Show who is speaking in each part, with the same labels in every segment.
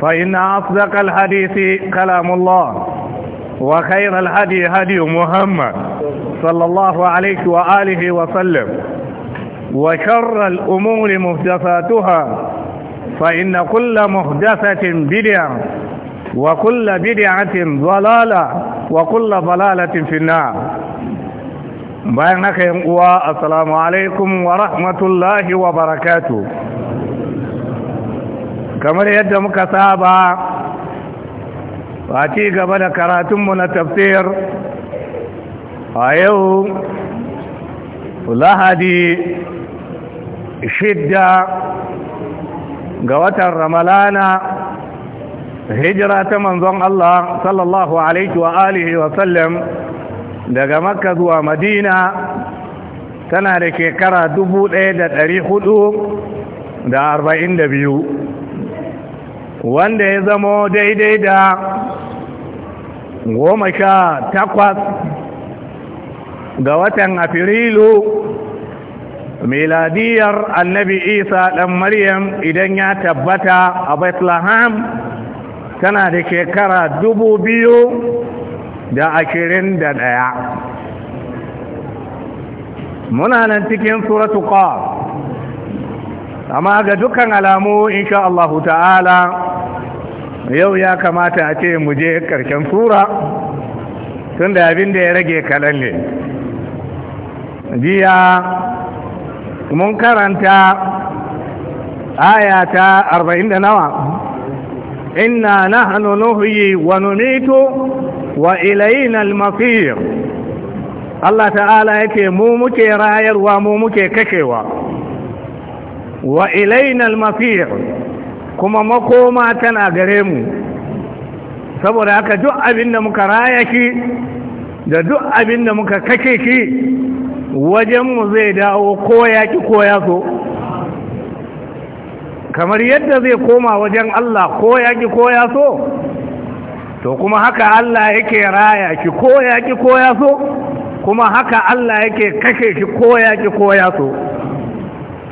Speaker 1: فإن أصدق الحديث كلام الله وخير الهدي هدي محمد صلى الله عليه وآله وسلم وشر الأمور محدثاتها فإن كل محدثة بدعة وكل بدعة ضلالة وكل ضلالة في النار بينك السلام عليكم ورحمة الله وبركاته kamar yadda muka saba a gaba da karatunmu na tafsir a yau lahadi shidda ga watan ramalana hijira ta manzon Allah sallallahu alaihi wa alihi wa sallam daga makka zuwa madina tana da shekara dubu ɗaya da ɗari hudu da arba'in da biyu wanda ya zamo daidai da goma sha takwas ga watan afirilu miladiyar annabi isa ɗan maryam idan ya tabbata a bethlehem tana da shekara dubu biyu da ashirin da ɗaya muna nan cikin suratu ƙwa amma ga dukkan alamu insha Allah ta'ala yau ya kamata a ce mu je karshen sura tun da abin da ya rage kalalle. jiya mun karanta ayata arba'in da nawa inna nahnu nuhyi wa numitu wa ilayna al Allah ta'ala yake mu muke rayarwa mu muke kashewa wa ilayna al kuma makoma tana gare mu saboda haka duk abinda da muka raya shi da duk abinda muka kake shi wajenmu zai dawo ko ya ki ko ya so kamar yadda zai koma wajen Allah ko ya ki ko ya so to kuma haka Allah yake raya shi ko ya ki ko ya so kuma haka Allah yake kashe shi ko ya ki ko ya so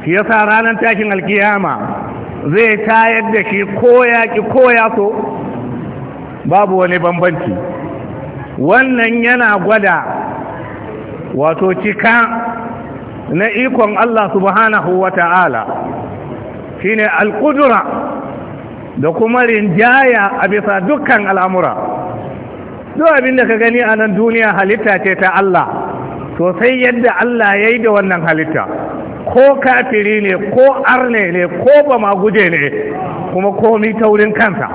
Speaker 1: shi yasa ranar tashin alkiyama zai tayar da shi ko ya ki ko ya so babu wani bambanci wannan yana gwada wato cika na ikon Allah subhanahu wa ta'ala shi ne alƙudura da kuma rinjaya a bisa dukkan al'amura duk abin da ka gani a nan duniya halitta ce ta Allah sosai yadda Allah ya yi da wannan halitta ko kafiri ne ko arne ne ko ba guje ne kuma komi taurin kansa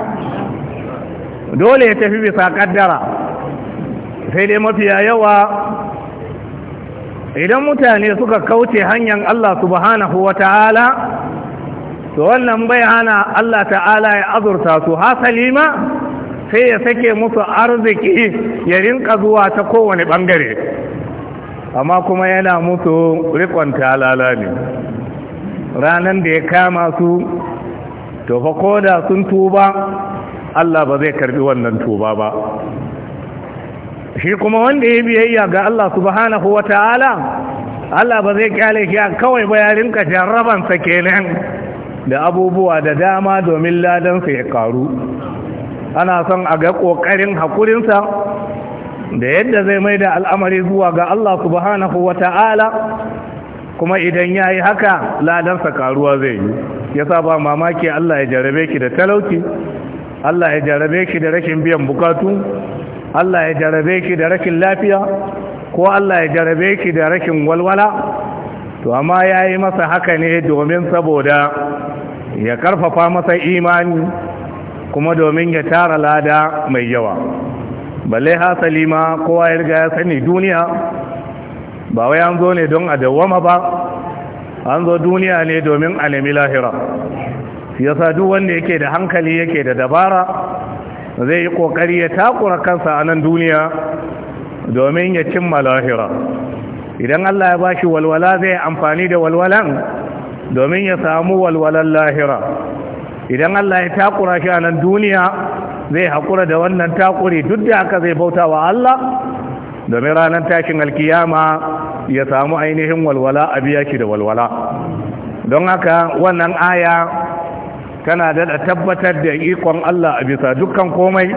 Speaker 1: dole ya tafi bisa kaddara sai dai mafiya yawa idan mutane suka kauce hanyar Allah subhanahu wa ta'ala to wannan bai hana Allah ta'ala ya azurta su hasali ma sai ya sake musu arziki ya rinka zuwa ta kowane bangare amma kuma yana musu rikon talala ne ranar da ya kama su to koda sun tuba Allah ba zai karbi wannan tuba ba shi kuma wanda ya biyayya ga Allah subhanahu wa ta'ala Allah ba zai kyale shi a kawai ba ya rinka jarrabansa kenan da abubuwa da dama domin ladansa ya karu ana son a ga ƙoƙarin haƙurinsa da yadda zai mai da al'amari zuwa ga Allah subhanahu wa ta'ala kuma idan ya yi haka ladansa karuwa zai yi ya ba mamaki Allah ya jarabe ki da talauci Allah ya jarabe ki da rashin biyan bukatu Allah ya jarabe ki da rashin lafiya ko Allah ya jarabe ki da rashin walwala to amma ya yi masa haka ne domin saboda ya karfafa masa imani kuma domin ya tara lada mai yawa balle hasali ma kowa ya riga ya sani duniya ba wai an zo ne don a dawwama ba an zo duniya ne domin a nemi lahira yasa duk wanda yake da hankali yake da dabara zai yi kokari ya takura kansa a nan duniya domin ya cimma lahira idan Allah ya bashi walwala zai amfani da walwalan domin ya samu walwalan lahira idan Allah ya takura shi a nan duniya zai haƙura da wannan takuri duk da aka zai bauta wa Allah domin ranar tashin alkiyama ya samu ainihin walwala a biya shi da walwala don haka wannan aya tana da tabbatar da ikon Allah a bisa dukkan komai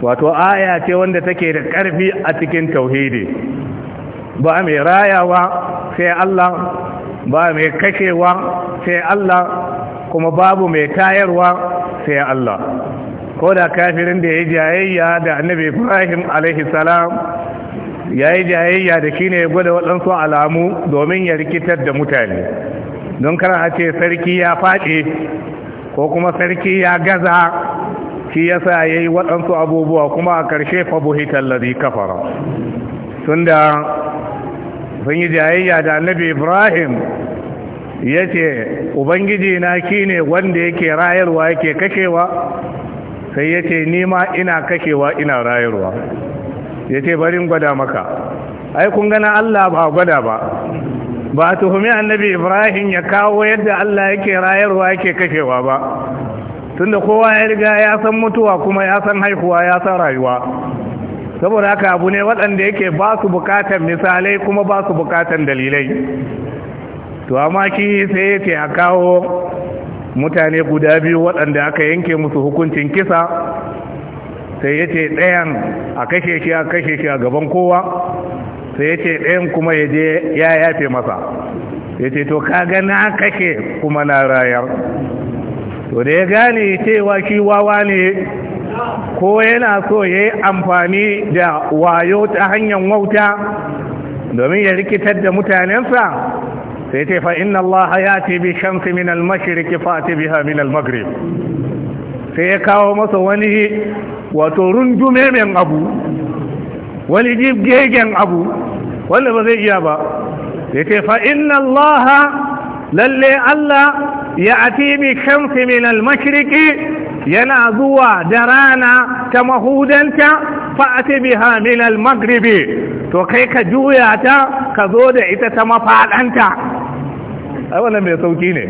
Speaker 1: wato aya ce wanda take da ƙarfi a cikin tauhidi ba mai rayawa sai Allah ba mai kashewa sai Allah kuma babu mai tayarwa sai Allah ko da kafirin da ya jayayya da annabi ibrahim alaihi salam ya yi jayayya da shi ne ya gwada waɗansu alamu domin ya rikitar da mutane don kar a ce sarki ya faɗi ko kuma sarki ya gaza shi ya sa ya yi waɗansu abubuwa kuma a ƙarshe fabuhitar lari kafara tun da sun yi jayayya da annabi ibrahim ya ce ubangiji na shi ne wanda yake rayarwa yake kashewa sai ya ce nima ina kashewa ina rayarwa ya ce barin gwada maka ai kun gana Allah ba gwada ba ba tuhumi annabi ibrahim ya kawo yadda Allah yake rayarwa yake kashewa ba tunda kowa ya riga ya san mutuwa kuma ya san haihuwa ya san rayuwa saboda haka abu ne waɗanda yake ba su bukatan misalai kuma ba su bukatan dalilai to amma ki sai ya ce a kawo mutane guda biyu waɗanda aka yanke musu hukuncin kisa sai ya ce ɗayan a kashe shi a kashe shi a gaban kowa sai ya ce ɗayan kuma ya je ya yafe masa ya ce to kaga na kashe kuma na rayar to da ya gane cewa shi wawa ne ko yana so ya yi amfani da wayo ta hanyar wauta domin ya rikitar da mutanensa sai ce fa inna allaha yati bi shamsi min al-mashriqi ti biha min al-maghrib sai ya kawo masa wani wato rundume men abu wani jibgegen abu wanda ba zai iya ba sai ce fa inna allaha lalle allah ya ati bi shamsi min al-mashriqi yana zuwa da rana ta mahudanta fa'ati biha min al-maghribi to kai ka juya ta ka zo da ita ta mafaɗanta ai wannan mai sauki ne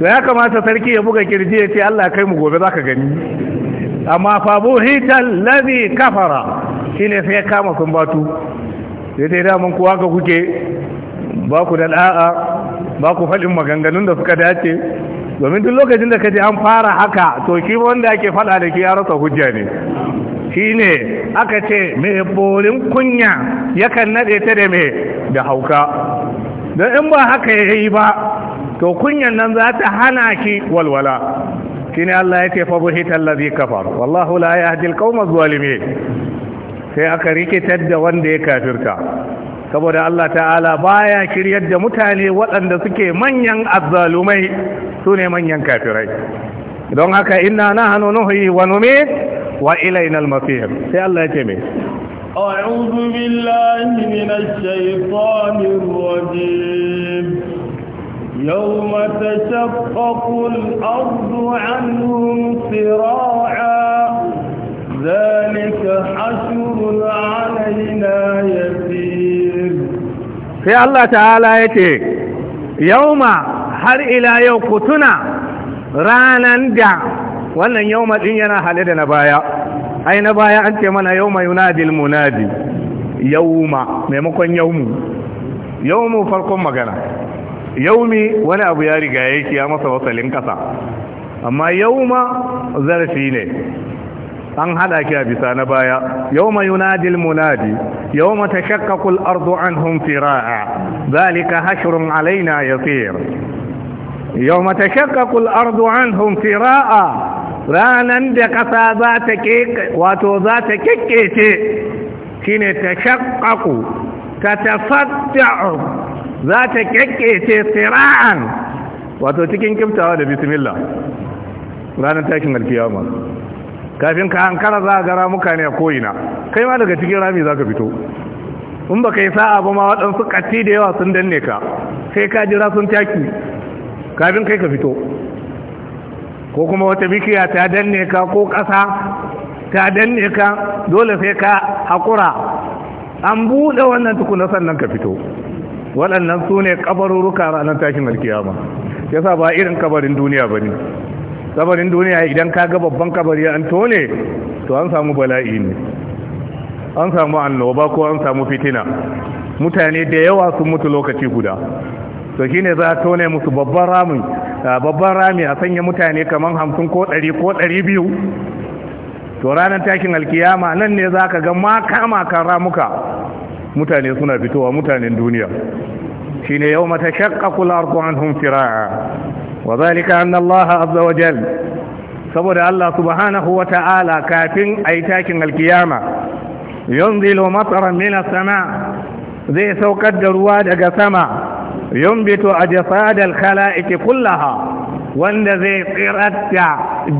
Speaker 1: to ya kamata sarki ya buga kirji ya ce Allah kai mu gobe zaka gani amma fa buhita ladhi kafara shine sai ya kama batu sai dai daman kuwa ga kuke ba ku da da'a ba ku fadin maganganun da suka dace domin duk lokacin da ka ji an fara haka to shi wanda ake faɗa da ki ya rasa hujja ne shi ne aka ce mai borin kunya yakan naɗe ta da mai da hauka don in ba haka ya yi ba to kunyan nan za ta hana ki walwala shine Allah ya ce fa buhita allazi kafar wallahu la yahdi alqawma zalimin sai aka rikitar da wanda ya kafirta saboda Allah ta'ala baya kiryar da mutane waɗanda suke manyan azzalumai sune manyan kafirai don haka na nahnu nuhyi wa numit wa ilaina almasir sai Allah ya ce me أعوذ بالله من الشيطان الرجيم يوم تشقق الأرض عنهم سراعا ذلك حشر علينا يسير في الله تعالى يتي يوم har ila yau ku tuna ranan da wannan yau ɗin yana hale da na baya أين بايا أنت من يوم ينادي المنادي يوم ميمكو يوم يوم فالكم مغانا يومي وانا أبو ياري قايش يا مصر وصل انكسا أما يوم ذرشيني أن هذا كابسا نبايا يوم ينادي المنادي يوم تشقق الأرض عنهم فراء ذلك هشر علينا يطير يوم تشقق الأرض عنهم فراء ranan da ƙasa za ta ke wato za ta shi ne ta shakaku ta tafatta'u za ta kekkece tsira'an wato cikin kiftawa da bismillah ranar tashin alfiyama. kafin ka hankara za a gara muka ne a ko'ina kai ma daga cikin rami za ka fito in ba ka yi sa'a ba ma waɗansu ƙatti da yawa sun danne ka sai ka jira sun taki kafin kai ka fito ko kuma wata bikiya ta danne ka ko ƙasa ta danne ka dole sai ka haƙura an buɗe wannan tukuna sannan ka fito waɗannan su ne ƙabarurruka ranar tashin alkiyama ya sa ba irin kabarin duniya ba ne kabarin duniya idan ka ga babban kabari an tone to an samu bala'i ne an samu annoba ko an samu fitina mutane da yawa sun mutu lokaci guda to ne za a tone musu babban rami babban rami a sanya mutane kamar hamsin ko ɗari ko ɗari biyu to ranar takin alkiyama nan ne za ka ga maka makan ramuka mutane suna fitowa mutanen duniya shine yau mata shakka kula arkuwan hun fira'a wa zalika an Allah azza wa jal saboda Allah subhanahu wa ta'ala kafin a yi takin alkiyama yanzu lo matsaran mina sama zai saukar da ruwa daga sama yumbitu ajsadal khalaiqi kullaha wanda zai tsiratta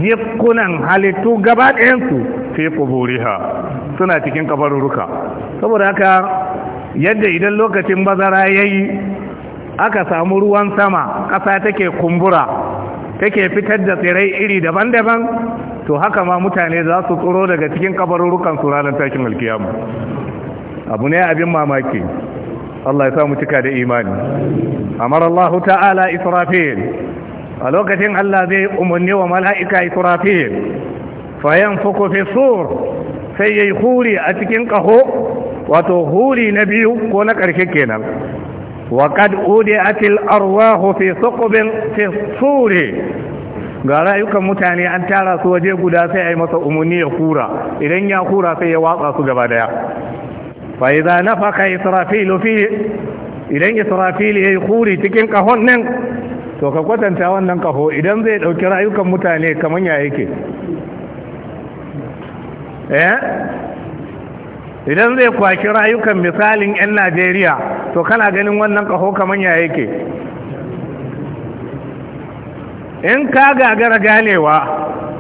Speaker 1: jikunan halittu gaba ɗayansu fi kuburiha suna cikin kabaruruka saboda haka yadda idan lokacin bazara yayi aka samu ruwan sama ƙasa take kumbura take fitar da tsirai iri daban-daban to haka ma mutane za su tsoro daga cikin kabarurukan su ranar tashin alkiyama abu ne abin mamaki Allah ya samu cika da imani amara Allah ta'ala israfil a lokacin Allah zai umarni wa mala'ika israfil fayan fuku fi sur sai yayi huri a cikin kaho wato huri na biyu ko na karshe kenan wa qad udiatil arwahu fi suqbin fi sur ga rayukan mutane an tara su waje guda sai ayi masa umarni ya kura idan ya kura sai ya watsa su gaba daya fa idza nafaka israfilu fi idan ya yi kuri cikin kahon nan to ka kwatanta wannan kaho idan zai dauki rayukan mutane kaman ya yake idan zai kwaki rayukan misalin 'yan najeriya to kana ganin wannan kaho kaman ya yake in ka gagara ganewa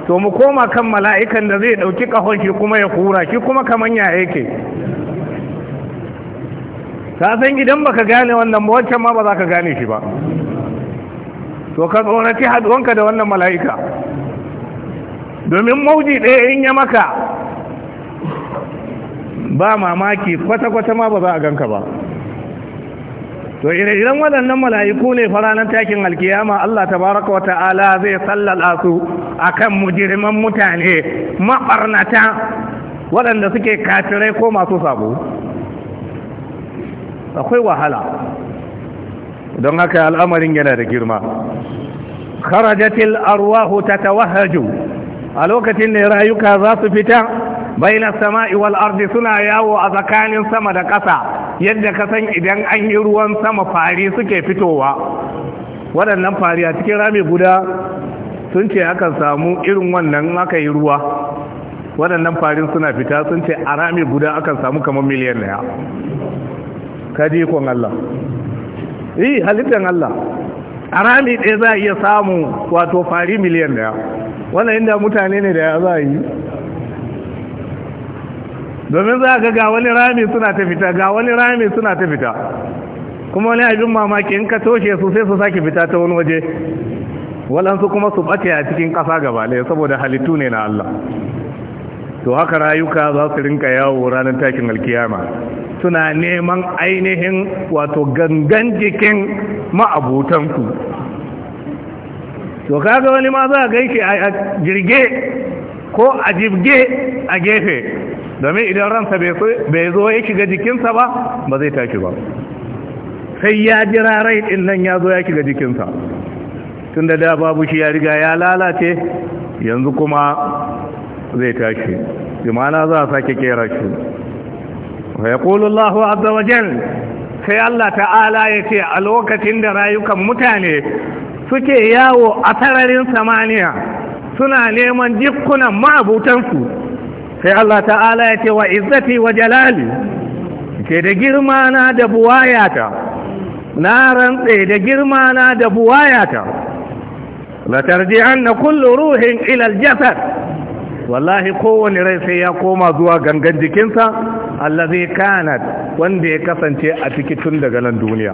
Speaker 1: to mu koma kan mala'ikan da zai dauki kahon shi kuma ya kura shi kuma kaman ya yake ka san idan baka gane wannan ba wancan ma ba za ka gane shi ba to ka tsoraci haduwanka da wannan mala'ika domin mauji ɗaya in ya maka ba mamaki kwata-kwata ma ba za a ganka ba to ire waɗannan mala'iku ne faranar takin alkiyama Allah Ta baraka wa ta'ala zai sallala su akan mujirman mutane maɓarnata waɗanda suke katirai ko masu sabo akwai wahala don haka al'amarin yana da girma kharajatil arwahu tatawahaju a lokacin ne rayuka za su fita baina sama'i wal ardi suna yawo a tsakanin sama da ƙasa yadda ka san idan an yi ruwan sama fari suke fitowa waɗannan fari a cikin rami guda sun ce akan samu irin wannan aka yi ruwa waɗannan farin suna fita sun ce a rami guda akan samu kamar miliyan kaji kon Allah yi halittar Allah a rami ɗaya za a iya samu wato fari miliyan daya wannan inda mutane ne da ya za a yi domin za ga ga wani rami suna ta fita ga wani rami suna ta fita kuma wani abin mamaki in ka toshe su sai su sake fita ta wani waje walansu kuma su ɓace a cikin ƙasa gaba ɗaya saboda halittu ne na Allah to haka rayuka za su rinka yawo ranar takin alkiyama suna neman ainihin wato gangan jikin ma'abutanku to kaga wani ma za a ganshi a jirge ko a jibge a gefe domin idan ransa bai zo ya shiga jikinsa ba ba zai tashi ba sai ya jira rai din nan ya zo ya shiga jikinsa tun da da babu shi ya riga ya lalace yanzu kuma zai tashi imana za a sake kera shi wa ya ƙulullahu azawajen sai Allah ta'ala ya ce a lokacin da rayukan mutane suke yawo a sararin samaniya suna neman jikunan ma'abutansu sai Allah ta'ala ya ce wa izzati wa jalali ke da girma na da buwayata na rantse da girma na da buwayata la tarji'anna kullu ruhin ilal al-jasad wallahi kowane rai sai ya koma zuwa gangan jikinsa zai kana wanda ya kasance a ciki tun daga nan duniya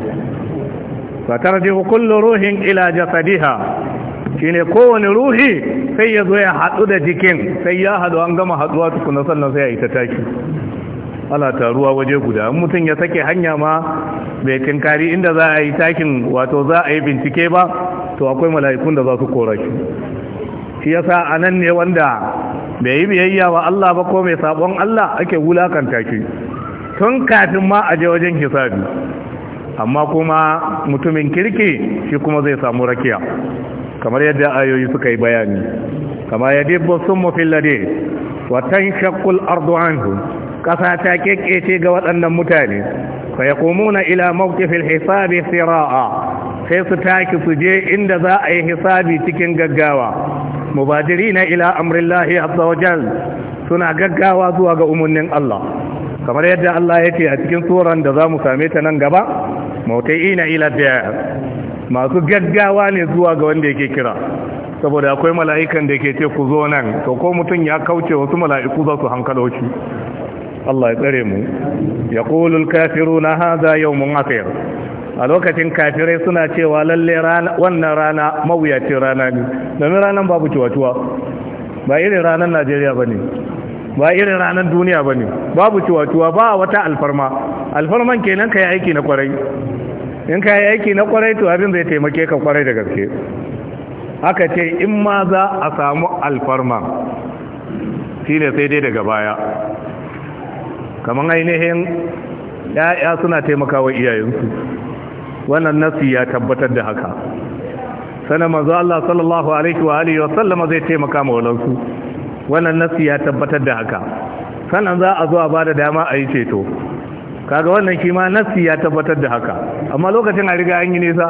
Speaker 1: fatarjihu kullu ruhin ila jasadiha shine kowane ruhi sai ya zo ya hadu da jikin sai ya hadu an gama haduwa tukuna sannan sai ya yi ta taki ala taruwa waje guda mutum ya sake hanya ma bai tinkari inda za a yi takin wato za a yi bincike ba to akwai mala'ikun da za su kora shi shi yasa anan ne wanda bai yi biyayya ba Allah ba ko mai sabon Allah ake wulakanta shi tun kafin ma a je wajen hisabi amma kuma mutumin kirki shi kuma zai samu rakiya kamar yadda ayoyi suka yi bayani kama ya dibbo sun mafin lade watan shakul ardu anhu ƙasa ta kekece ga waɗannan mutane fa ya kumuna ila mawkifin hisabi sira'a sai su taki su je inda za a yi hisabi cikin gaggawa mubadiri na ila amrillahi azzawajal suna gaggawa zuwa ga umarnin Allah kamar yadda Allah ya ce a cikin tsoron da za mu same ta nan gaba mautai ina ila biyar. masu gaggawa ne zuwa ga wanda yake kira saboda akwai mala'ikan da ke ce ku zo nan to ko mutum ya kauce wasu mala'iku za su hankalo shi Allah ya tsare mu ya kulul kafiru na haza yau mun akayar a lokacin kafirai suna cewa lalle wannan rana mawuyacin rana ne domin ranar babu ciwatuwa ba irin ranar najeriya ba ne ba irin ranar duniya ba ne babu ciwatuwa ba wata alfarma alfarman kenan ka yi aiki na kwarai in ka yi aiki na kwarai to abin zai taimake ka kwarai da gaske haka ce in ma za a samu alfarma shi ne sai dai daga baya kamar ainihin ya'ya suna taimakawa iyayensu wannan nasi ya tabbatar da haka sanar manzo Allah sallallahu alaihi wa alihi wa sallama zai taimaka ma walansu wannan nasi ya tabbatar da haka sannan za a zo a bada dama a yi ceto kaga wannan shi ma nasi ya tabbatar da haka amma lokacin a riga an yi nesa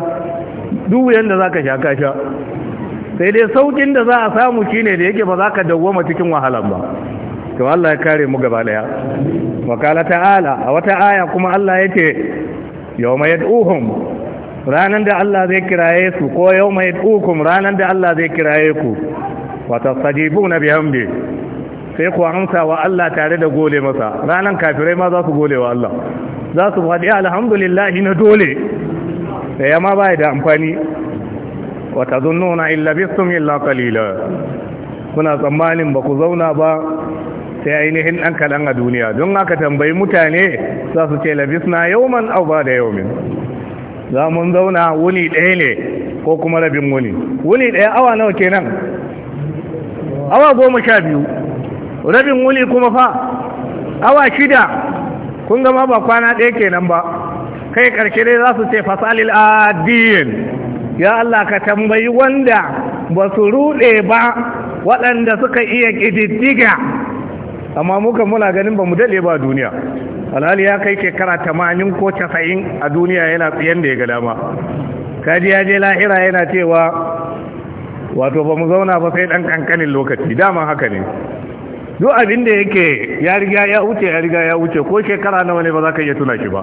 Speaker 1: duk yanda zaka sha ka sha sai dai saukin da za a samu shine da yake ba za ka dawwama cikin wahalar ba to Allah ya kare mu gaba daya wakala ta'ala a wata aya kuma Allah yake yawma yad'uhum ranan da Allah zai kiraye su ko yawma yad'ukum ranan da Allah zai kiraye ku wa bi bihamdi sai ku amsa wa Allah tare da gole masa ranan kafirai ma za su gole wa Allah za su faɗi alhamdulillah na dole sai ma ba da amfani wa tazunnuna illa bistum illa kalila kuna tsammanin ba ku zauna ba sai ainihin ɗan kaɗan a duniya don haka tambayi mutane za su ce labisna yauman au ba da yaumin za mun zauna wuni ɗaya ne ko kuma rabin wuni wuni ɗaya awa nawa kenan awa goma sha biyu rabin wuni kuma fa awa shida kun gama ba kwana ɗaya kenan ba kai ƙarshe dai za su ce fasalil adiyin ya Allah ka tambayi wanda ba su rude ba waɗanda suka iya ƙididdiga amma muka muna ganin ba mu dade ba duniya alhali ya kai shekara tamanin ko casa'in a duniya yana tsayen da ya ga dama kaji ya je lahira yana cewa wato ba mu zauna ba sai ɗan ƙanƙanin lokaci dama haka ne duk abin da yake ya riga ya wuce ya riga ya wuce ko shekara nawa ne ba za ka iya tuna shi ba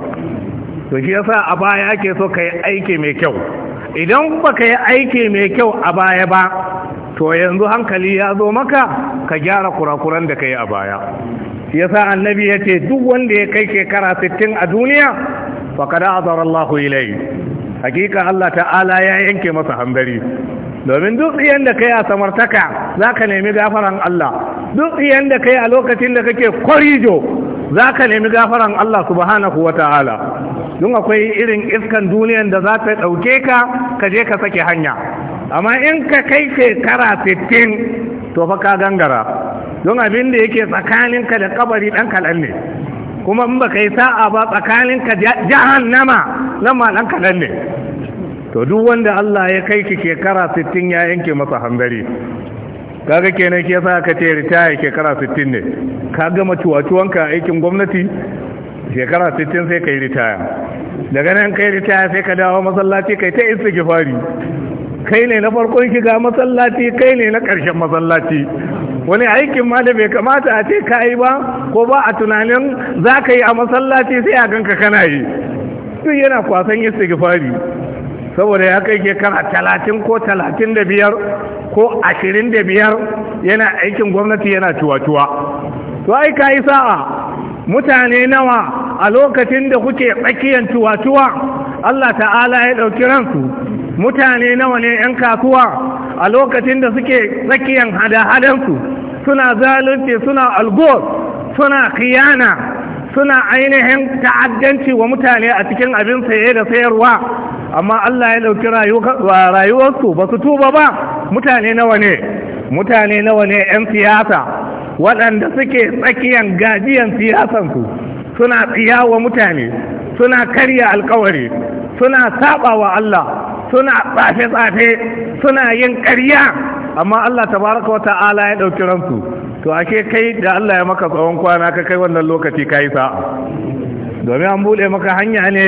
Speaker 1: to shi yasa a baya ake so ka yi aiki mai kyau idan baka yi aiki mai kyau a baya ba to yanzu hankali ya zo maka ka gyara kurakuran da ka yi a baya yasa annabi ya ce duk wanda ya kai shekara 60 a duniya faƙada azar Allahu ilai hakika Allah ta'ala ya yanke masa hambari domin duk iyan da kai a samartaka za ka nemi gafaran Allah duk tsiyan da kai a lokacin da kake kwarijo za ka nemi gafaran Allah subhanahu wa ta'ala don akwai irin iskan duniyan da za ta ɗauke ka ka je ka sake hanya amma in ka kai shekara 60 to fa ka gangara don abin da yake tsakaninka da kabari ɗan kaɗan ne kuma in ba ka yi sa'a ba tsakaninka jahannama nan ma ɗan kaɗan ne to duk wanda Allah ya kai ki shekara 60 ya yanke masa hangari kaga kenan shi yasa ka ce ritaya shekara 60 ne ka gama ka aikin gwamnati shekara 60 sai kai ritaya daga nan kai ritaya sai ka dawo masallaci kai ta istighfari kai ne na farkon shiga masallaci kai ne na karshen masallaci wani aikin ma da bai kamata a ce ka yi ba ko ba a tunanin za ka yi a masallaci sai a ganka kana yi duk yana kwasan istighfari saboda ya kai shekara talatin ko talatin da biyar ko ashirin da biyar yana aikin gwamnati yana cuwa-cuwa to ai ka yi sa'a mutane nawa a lokacin da kuke tsakiyar cuwa-cuwa Allah ta'ala ya ɗauki ransu mutane nawa ne 'yan kasuwa a lokacin da suke tsakiyar hada-hadansu suna zalunci suna algor suna kiyana suna ainihin ta'addanci wa mutane a cikin abin saye da sayarwa amma Allah ya ɗauki rayuwarsu ba su tuba ba mutane nawa ne mutane nawa ne 'yan siyasa waɗanda suke tsakiyan gajiyan siyasansu suna tsiya wa mutane suna karya alkawari suna saba wa Allah suna tsafe-tsafe suna yin karya amma Allah tabaraka wa ta'ala ya ɗauki ransu to ake kai da Allah ya maka tsawon kwana ka kai wannan lokaci ka yi sa domin an bude maka hanya ne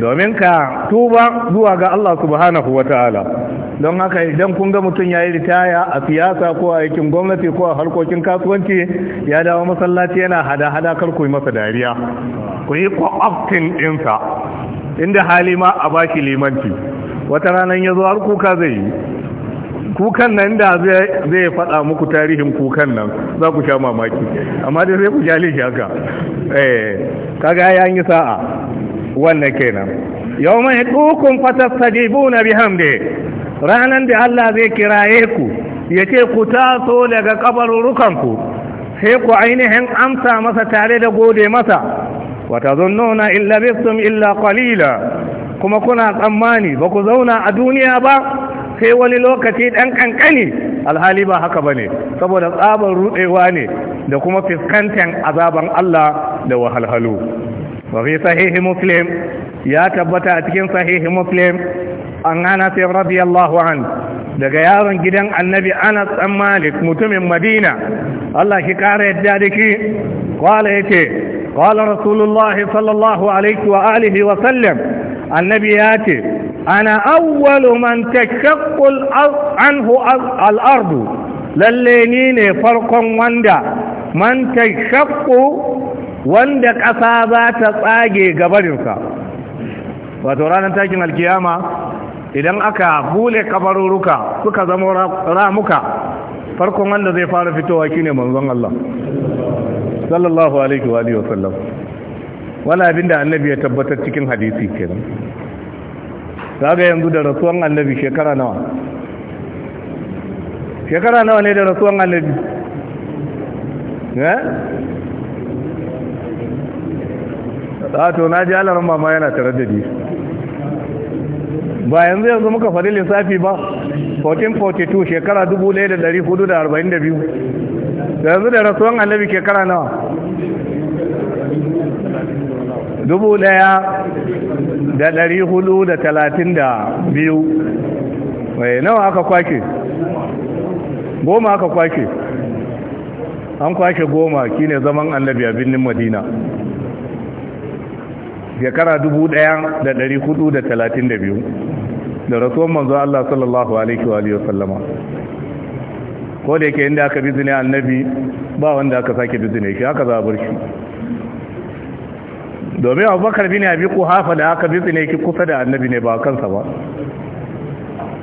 Speaker 1: domin ka tuba zuwa ga Allah subhanahu wa ta'ala don haka idan kun ga mutum ya yi ritaya a siyasa ko a aikin gwamnati ko a harkokin kasuwanci ya dawo masallaci yana hada-hada kar ku yi masa dariya ku yi kwakwaftin ɗinsa inda hali ma a bashi limanci wata ranar ya zo har kuka zai yi kukan nan da zai faɗa muku tarihin kukan nan za ku sha mamaki amma dai zai ku jali lishi haka eh, kaga ya yi sa'a wannan kenan yau mai dukun fatastajibu na bihamde ranar da Allah zai kiraye ku ya ce ku taso daga ku sai ku ainihin amsa masa tare da gode masa wata zunnuna illa bisum illa qalila kuma kuna tsammani ba ku zauna a duniya ba sai wani lokaci ɗan ƙanƙani, alhali ba haka ba ne saboda tsabar rudewa ne da kuma fiskantan azaban Allah da wahalhalu Wafi sahihi muslim ya tabbata a cikin sahihi muslim an hana sai radiyallahu an daga yaron gidan annabi anas ɗan malik mutumin madina Allah ki kara yadda dake ya ce. qala rasulullahi sallallahu alaihi wa alihi wa sallam annabi yace ana awwalu man tashaqqu anhu al-ardu lalle ni ne farkon wanda man tashaqqu wanda ƙasa za ta tsage gabarinsa wato ranar takin alkiyama idan aka bule kabaruruka suka zama ramuka farkon wanda zai fara fitowa shine manzon Allah sallallahu alaihi wa alihi wala abinda annabi ya tabbatar cikin hadisi kenan ga yanzu da rasuwan annabi shekara nawa shekara nawa ne da rasuwan annabi eh to na ji alarin mama yana taraddadi ba yanzu yanzu muka faɗi lissafi ba 1442 shekara 1442 da yanzu da rasuwan annabi shekara nawa dubu daya da ɗari hudu da talatin da biyu wai eh, nawa aka kwake goma aka kwake an kwashe goma ne zaman annabi a birnin madina shekara dubu ɗaya da ɗari hudu da talatin da biyu da rasuwan manzo Allah sallallahu alaihi wa sallama ko da yake inda aka bizine annabi ba wanda aka sake bizine shi aka zabar shi domin abubakar bin abi kuhafa da aka bi ne ki kusa da annabi ne ba kansa ba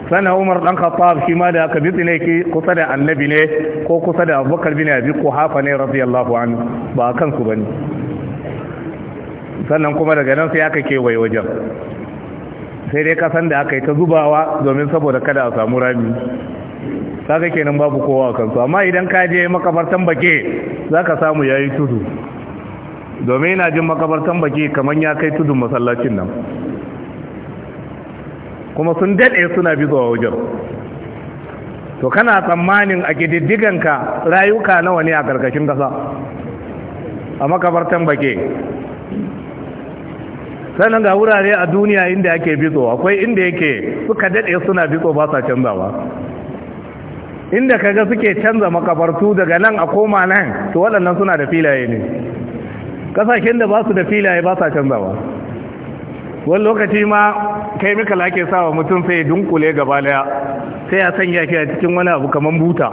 Speaker 1: sana umar dan khattab shi ma da aka bi ne ki kusa da annabi ne ko kusa da abubakar bin abi kuhafa ne radiyallahu anhu ba kansu bane sannan kuma daga nan sai aka kewaye wajen sai dai kasan da aka yi ta zubawa domin saboda kada a samu rami kaga kenan babu kowa kansu amma idan ka je makabartan bake zaka samu yayi tudu domin yana jin makabartan baki kamar ya kai tudun masallacin nan kuma sun daɗe suna bi zuwa wajen to kana tsammanin a ka rayuka nawa ne a ƙarƙashin ƙasa a makabartan baki sannan ga wurare a duniya inda yake bitso akwai inda yake suka daɗe suna bitso ba sa canzawa inda kaga suke canza makabartu daga nan a koma nan to waɗannan suna da filaye ne kasashen da ba su da filaye ba sa canzawa wani lokaci ma chemical lake sawa mutum sai dunkule gaba daya sai ya sanya shi a cikin wani abu kaman buta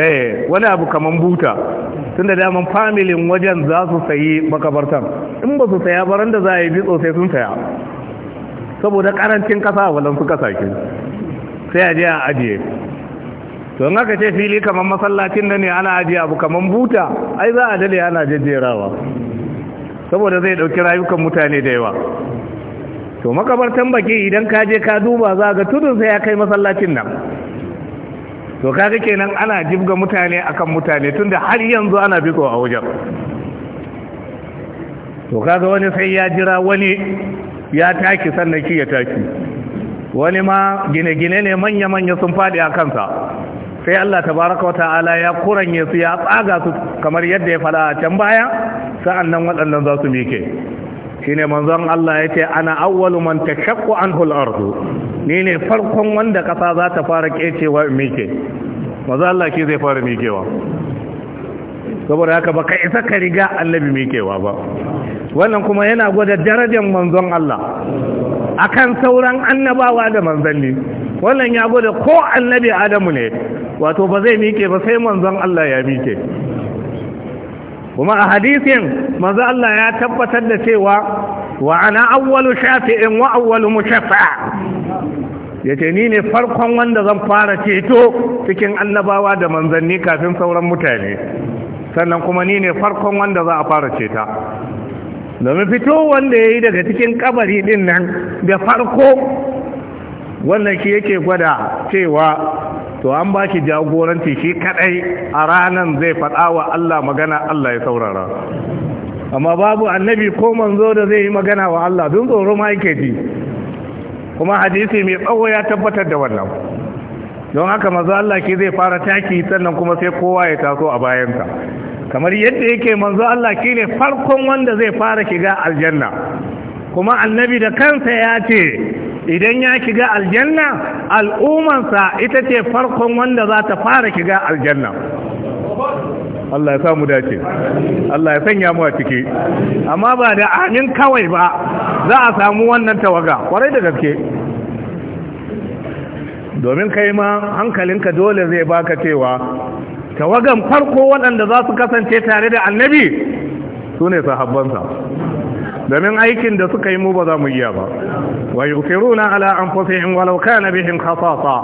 Speaker 1: eh, wani abu kaman buta tun da daman familin wajen za su sayi makabartan in ba su saya baran da za a yi bitso sai sun saya saboda karancin kasa a walansu kasashe sai a je a ajiye to in aka ce fili kamar masallacin da ne ana ajiye abu kamar buta ai za a dale ana jejjerawa saboda zai dauki rayukan mutane da yawa to makabartan baki idan ka je ka duba za ga tudun sai ya kai masallacin nan to kaga kenan ana jibga mutane akan mutane tunda har yanzu ana biko a wajen to kaga wani sai ya jira wani ya taki sannan ki ya taki wani ma gine-gine ne manya-manya sun faɗi a kansa sai Allah ta baraka wa ta'ala ya kuranye su ya tsaga su kamar yadda ya fada a can baya sa'annan waɗannan za su mike ne manzon Allah ya ce ana awwalu man tashaqqu anhu al-ardu ni ne farkon wanda kasa za ta fara kecewa mike manzon Allah shi zai fara mikewa saboda haka baka isa ka riga annabi mikewa ba wannan kuma yana gwada darajar manzon Allah akan sauran annabawa da manzanni wannan ya gwada ko annabi Adamu ne wato ba zai miƙe ba sai manzon Allah ya mike kuma a hadisin manzon Allah ya tabbatar da cewa wa ana awwalu shafi'in wa awwalu mushaffa yace ni ne farkon wanda zan fara ceto cikin annabawa da manzanni kafin sauran mutane sannan kuma ni ne farkon wanda za a fara ceta domin fito wanda ya yi daga cikin kabari din nan da farko wannan ki yake gwada cewa to an ba ki jagoranci shi kadai a ranan zai faɗa wa Allah magana Allah ya saurara amma babu annabi ko manzo da zai yi magana wa Allah don tsoro ma yake ji kuma hadisi mai tsawo ya tabbatar da wannan don haka manzo Allah ke zai fara taki sannan kuma sai kowa ya taso a bayansa kamar yadda yake manzo Allah ke ne farkon wanda zai fara shiga aljanna kuma annabi da kansa ya ce idan ya kiga aljanna al'ummarsa ita ce farkon wanda za ta fara kiga aljanna Allah ya samu dace Allah ya sanya mu a ciki amma ba da amin kawai ba za a samu wannan tawaga kwarai da gaske domin kai ma hankalinka dole zai baka cewa tawagan farko waɗanda za su kasance tare da annabi su ne sahabbansa domin aikin da suka yi mu ba za mu iya ba wa yukiruna ala anfusihim walau kana bihim khasasa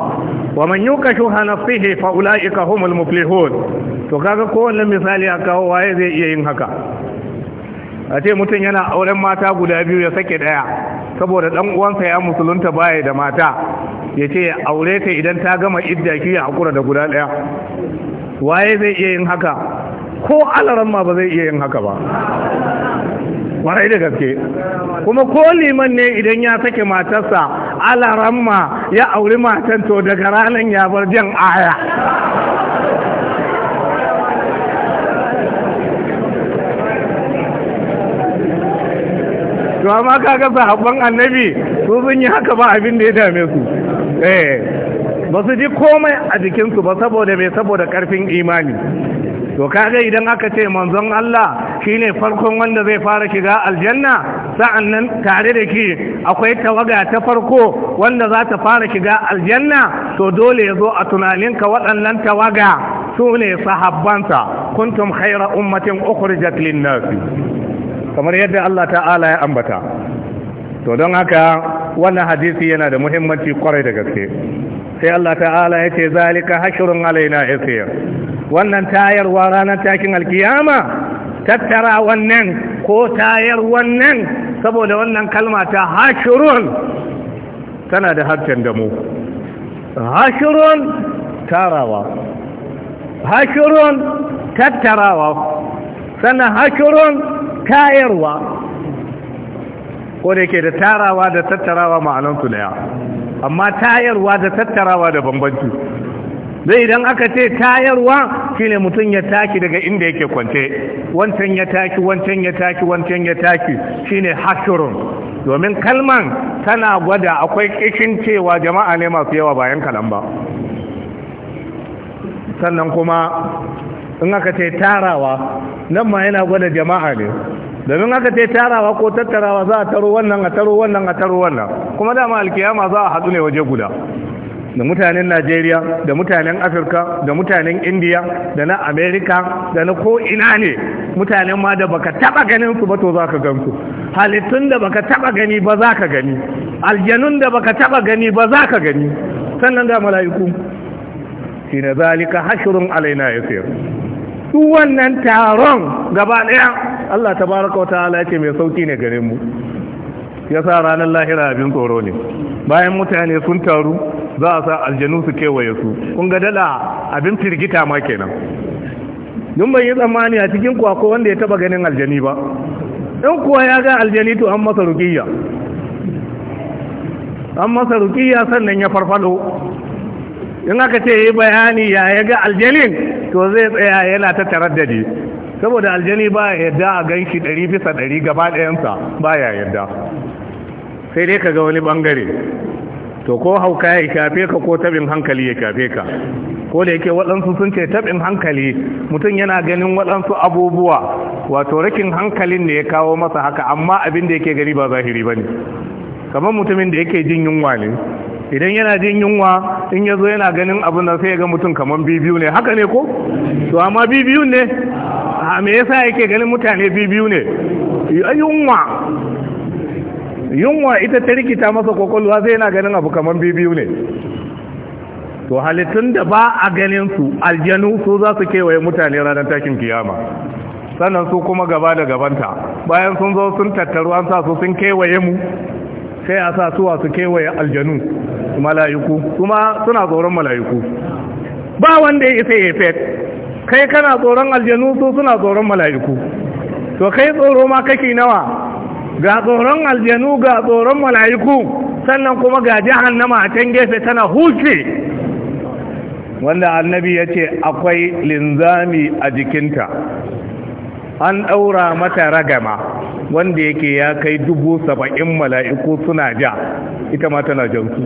Speaker 1: wa man yukashu shuha fa fa ulaika humul muflihun to kaga wannan misali aka kawo waye zai iya yin haka a ce mutum yana auren mata guda biyu ya sake daya saboda dan uwansa ya musulunta baya da mata ya ce aure ta idan ta gama idda ki ya hakura da guda daya waye zai iya yin haka ko alaran ma ba zai iya yin haka ba kwarai da gaske kuma ko liman ne idan ya sake matarsa ala ramma ya auri matan to daga ranar ya bar jan aya to amma kaga sahabban annabi su sun yi haka ba abin da ya dame su eh ba su ji komai a jikinsu ba saboda mai saboda karfin imani to kaga idan aka ce manzon Allah shine farkon wanda zai fara shiga aljanna sa'annan tare da ki akwai tawaga ta farko wanda za ta fara shiga aljanna to dole ya zo a tunaninka waɗannan tawaga su ne sahabbansa kuntum haira ummatin ukhrijat lin-nasi kamar yadda Allah ta'ala ya ambata to don haka wannan hadisi yana da muhimmanci kwarai da gaske sai Allah ta'ala ya ce zalika hashrun alaina yasir wannan tayarwa ranar takin alkiyama tattara wannan ko tayar wannan saboda wannan kalma ta hashirun tana da harshen damu hashirun tarawa hashirun tattarawa sannan hashirun tayarwa ko da yake da tarawa da tattarawa ma'anansu daya amma tayarwa da tattarawa da bambanci zai idan aka ce tayarwa shine mutum ya taki daga inda yake kwance wancan ya taki wancan ya taki wancan ya taki shine hashurun domin kalman tana gwada akwai kishin cewa jama'a ne masu yawa bayan kalan ba sannan kuma in aka ce tarawa nan ma yana gwada jama'a ne domin aka ce tarawa ko tattarawa za a taro wannan a taro wannan a taro wannan kuma dama alkiyama za a haɗu ne waje guda da mutanen najeriya da mutanen afirka da mutanen indiya da na amerika da na ko'ina ne mutanen ma da baka taba ganin su ba to za ka gansu halittun da baka taba gani ba za ka gani aljanun da baka taba gani ba za ka gani sannan da mala'iku shi na zalika hashirun alaina ya sayar su wannan taron gaba ɗaya allah ta baraka wata ala ce mai sauki ne gare mu ya sa ranar lahira abin tsoro ne bayan mutane sun taru za a sa aljanu su kewaye su kun ga dala abin firgita ma kenan dun ban yi tsammani a cikin kuwa ko wanda ya taba ganin aljani ba in kuwa ya ga aljani to an masa rukiya an masa rukiya sannan ya farfado in aka ce yi bayani ya ya ga aljanin to zai tsaya yana ta taraddadi saboda aljani ba ya yadda a gan shi ɗari bisa ɗari gaba ɗayansa ba ya yadda sai dai ka ga wani ɓangare to ko hauka ya shafe ka ko tabin hankali ya shafe ka ko da yake waɗansu sun ce tabin hankali mutum yana ganin waɗansu abubuwa wato rikin hankalin ne ya kawo masa haka amma abin da yake gani ba zahiri ba ne kamar mutumin da yake jin yunwa ne idan yana jin yunwa in ya zo yana ganin abu na sai ga mutum kamar bibiyu ne haka ne ko to amma bibiyu ne a me yasa yake ganin mutane bibiyu ne yunwa yunwa ita ta rikita masa kwakwalwa sai yana ganin abu kamar bibiyu ne to halittun da ba a ganin su aljanu su za su kewaye mutane ranar takin kiyama sannan su kuma gaba da gabanta bayan sun zo sun tattaru an sa su sun kewaye mu sai a sa suwa su kewaye aljanu mala'iku kuma suna tsoron mala'iku ba wanda ya sai ya fet kai kana tsoron aljanu su suna tsoron mala'iku to kai tsoro ma kake nawa ga tsoron aljanu ga tsoron mala'iku sannan kuma ga jahannama a can gefe tana huce wanda annabi ya ce akwai linzami a jikinta an ɗaura mata ragama wanda yake ya kai dubu saba'in mala'iku suna ja ita ma tana jansu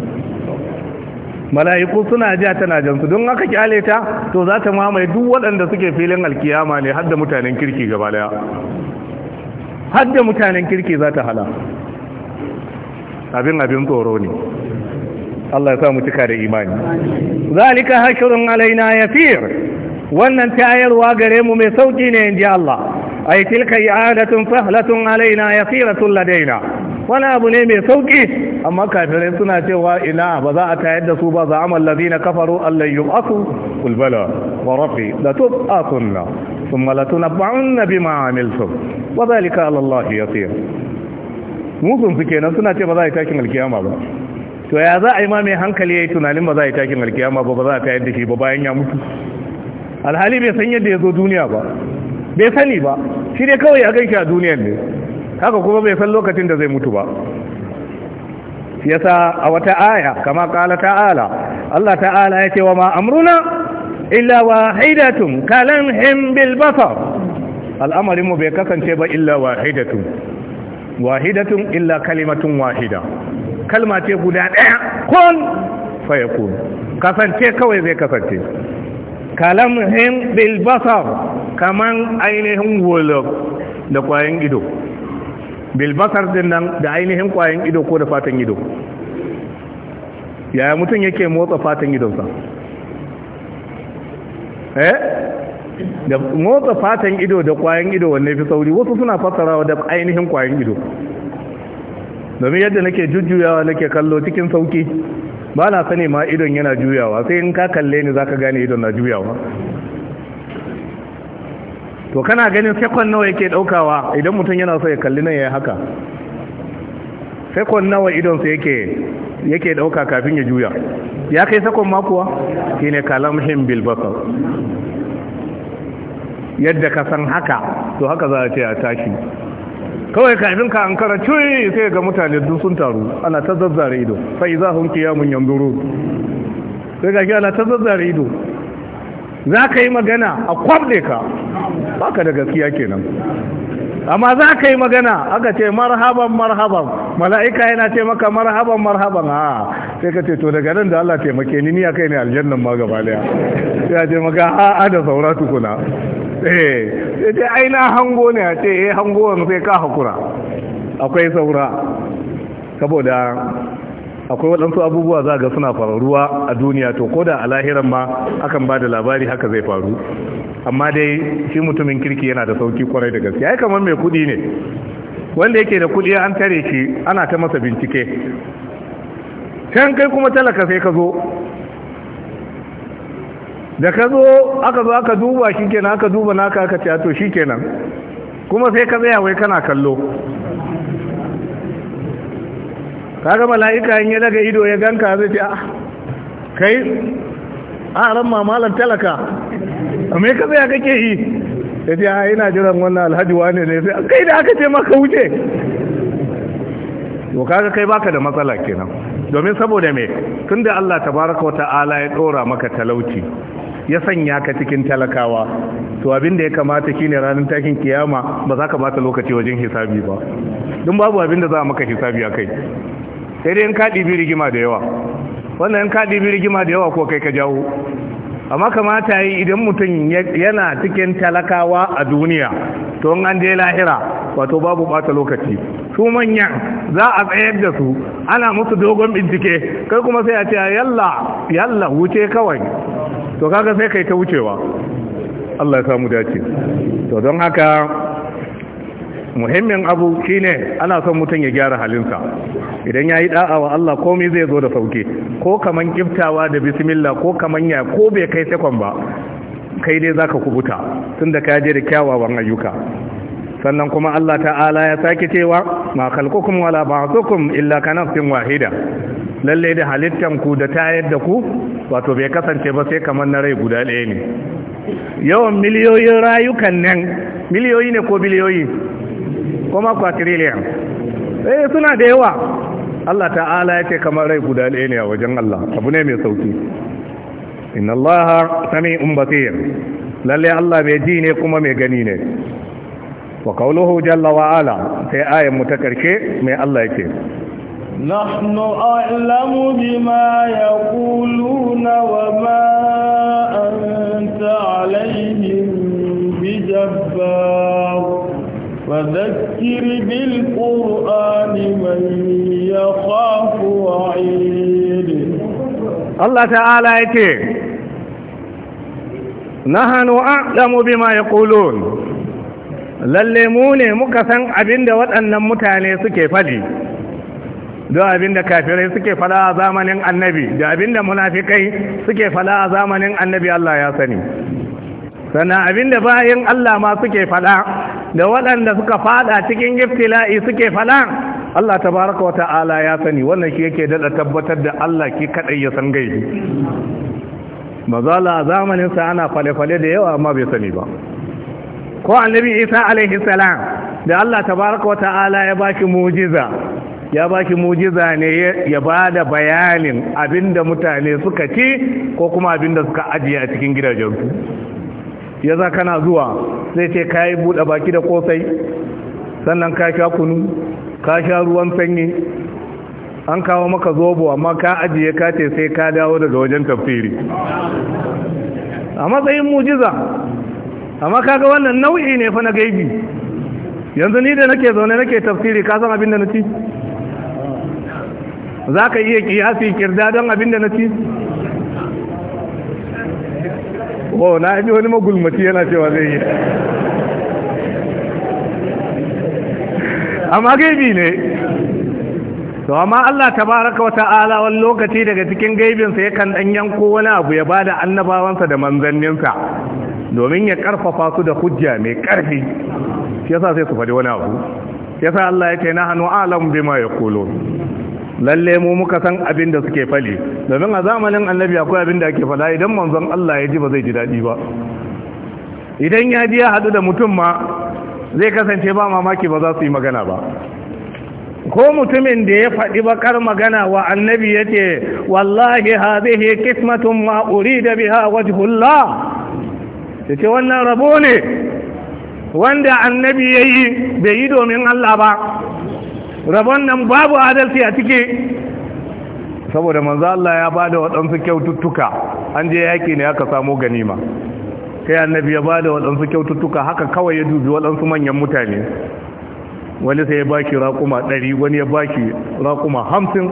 Speaker 1: mala'iku suna ja tana jansu don haka kyale ta to za ta mamaye duk waɗanda suke filin alkiyama ne har mutanen kirki gabalaya Hadda mutanen kirki za ta hala abin abin tsoro ne Allah ya sa mu cika da imani zalika hashrun alaina yasir wannan tayarwa gare mu mai sauki ne inji Allah ay tilka i'adatun fahlatun alaina yasiratun ladaina wani abu ne mai sauƙi, amma kafirai suna cewa ina ba za a tayar da su ba za a amal ladina kafaru allan a qul sun wa na la na bi la su ba za a lika ala ya tsaye mugun su kenan suna ce ba za a yi takin alkiyama ba to ya za a yi ma mai hankali ya yi tunanin ba za a yi takin alkiyama ba ba za a tayar da shi ba bayan ya mutu alhali bai san yadda ya zo duniya ba bai sani ba shi ne kawai ya gan shi a duniyar ne haka kuma bai san lokacin da zai mutu ba yasa a wata aya kama kala ta'ala Allah ta'ala ya ce wa ma amruna illa wahidatun kalan him bil basar al'amarin mu bai kasance ba illa wahidatun wahidatun illa kalimatun wahida kalma ce guda daya kun fa yakun kasance kawai zai kasance kalam him bil basar kaman ainihin wulub da kwayan ido bilbasar din nan da ainihin kwayan ido ko da fatan ido yaya mutum yake motsa fatan idonsa eh da motsa fatan ido da kwayan ido wanne fi sauri wasu suna fassarawa da ainihin kwayan ido domin yadda nake jujjuyawa nake kallo cikin sauki ba na sani ma idon yana juyawa sai in ka kalle ni zaka gane idon na juyawa to kana ganin sekon nawa yake daukawa idan mutum yana so ya kalli nan ya haka sekon nawa idonsa yake yake dauka kafin ya juya ya kai sekon makuwa shine kalamhin Bilbaka. yadda ka san haka to haka za a ce a tashi kawai kafin ka an kara cuyi sai ga mutane duk sun taru ana ta zazzare ido sai za hun kiyamun yanzuru sai ga ana ta zazzare ido za ka yi magana a kwabde ka Ba ka da gaskiya kenan amma za ka yi magana aka ce marhaban marhaban mala'ika yana ce maka marhaban marhaban a sai ka ce to daga nan da Allah taimake ni ni kai ne aljannan ma gaba daya sai ya ce maka a a da saura tukuna eh sai dai aina hango ne a ce eh hango wani sai ka hakura akwai saura saboda akwai waɗansu abubuwa za ga suna faruwa a duniya to ko da a lahiran ma akan ba da labari haka zai faru amma dai shi mutumin kirki yana da sauki kwarai da gaske ai kamar mai kuɗi ne wanda yake da kuɗi an tare shi ana ta masa bincike can kai kuma talaka sai ka zo da ka zo aka zo aka duba shi kenan aka duba naka aka ce to shi kenan kuma sai ka tsaya wai kana kallo kaga mala'ika in ya daga ido ya ganka zai ce a ah, kai a ran mamalar talaka me ka zai kake yi ya ce a ah, ina jiran wannan alhaji wane ne sai kai da aka ce maka wuce to kaga kai baka da matsala kenan domin saboda me tunda Allah tabaraka wa ta'ala ya dora maka talauci ya sanya ka cikin talakawa to abin da ya kamata shine ranar takin kiyama ba za ka bata lokaci wajen hisabi ba don babu abin da za a maka hisabi a kai sai dai in ka ɗibi rigima da yawa wannan in ka ɗibi rigima da yawa ko kai ka jawo amma kamata yi idan mutum yana cikin talakawa a duniya to an je lahira wato babu bata lokaci su manya za a tsayar da su ana musu dogon bincike kai kuma sai a ce yalla yalla wuce kawai to kaga sai kai ta wucewa Allah ya samu dace to don haka muhimmin abu ne ana son mutum ya gyara halinsa idan ya yi wa Allah komai zai zo da sauke ko kaman kiftawa da bismillah ko kaman ya ko bai kai sakon ba kai dai zaka kubuta tunda ka je da kyawawan ayyuka sannan kuma Allah ta'ala ya sake cewa ma khalqukum wala ba'thukum illa ka nafsin wahida lalle da halittan ku da ta yadda ku wato bai kasance ba sai kamar na rai guda ɗaya ne yawan miliyoyin rayukan nan miliyoyi ne ko biliyoyi kuma quadrillion eh suna da yawa Allah ta'ala ya ce kamar rai guda ɗaya ne a wajen Allah abu ne mai sauki inna Allah sami'un basir lalle Allah mai ji ne kuma mai gani ne wa qawluhu jalla wa ala sai ayan mu ta karshe mai Allah yake nahnu a'lamu bima yaquluna wa ma فذكر بالقرآن من يخاف وعيد الله تعالى يتي نحن أعلم بما يقولون للموني mu ne muka san سكي waɗannan mutane suke faɗi da kafirai suke fada a zamanin annabi da abin da munafikai suke fada a zamanin annabi Allah ya sani sannan abin da bayan Allah ma suke fada da waɗanda suka faɗa cikin iftila'i suke fala Allah tabaraka wa ta'ala ya sani wannan shi yake dada tabbatar da Allah ki kadai ya san gaibi mazala zamanin sa ana fale-fale da yawa amma bai sani ba ko annabi Isa alaihi salam da Allah tabaraka wa ta'ala ya baki mu'jiza ya baki mu'jiza ne ya bada bayanin abinda mutane suka ci ko kuma abinda suka ajiye a cikin gidajensu ya za kana zuwa sai ce ka yi buɗe baki da kosai sannan ka sha kunu ka sha ruwan sanyi an kawo maka zobo amma ka ajiye ka ce sai ka dawo daga wajen tafsiri a matsayin mujiza amma kaga wannan nau'i ne fa na gaibi yanzu ni da nake zaune nake tafsiri ka san abin da na ci za ka iya kiyasi kirda don abin da na ci o na ji wani magulmaci yana cewa zai yi amma gaibi ne to amma Allah tabaraka wa ta'ala wani lokaci daga cikin gaibinsa yakan dan yanko wani abu ya bada annabawansa da manzanninsa domin ya karfafa su da hujja mai karfi shi yasa sai su faɗi wani abu yasa Allah ya ce na hannu alam bima yaqulun lalle mu muka san abin da suke fali domin a zamanin annabi akwai abin da ake fada idan manzon Allah ya ji ba zai ji daɗi ba idan ya ji ya haɗu da mutum ma zai kasance ba mamaki ba za su yi magana ba ko mutumin da ya faɗi bakar magana wa annabi ya ce wallahi hadhihi kismatun ma urida biha wajhullah yace wannan rabo ne wanda annabi ya yi bai yi domin Allah ba rabon nan babu adalci a ciki saboda manzo Allah ya bada waɗansu kyaututtuka an je yaki ne aka samu ganima kai annabi ya bada waɗansu kyaututtuka haka kawai ya dubi waɗansu manyan mutane wani sai ya baki raƙuma ɗari wani ya baki raƙuma hamsin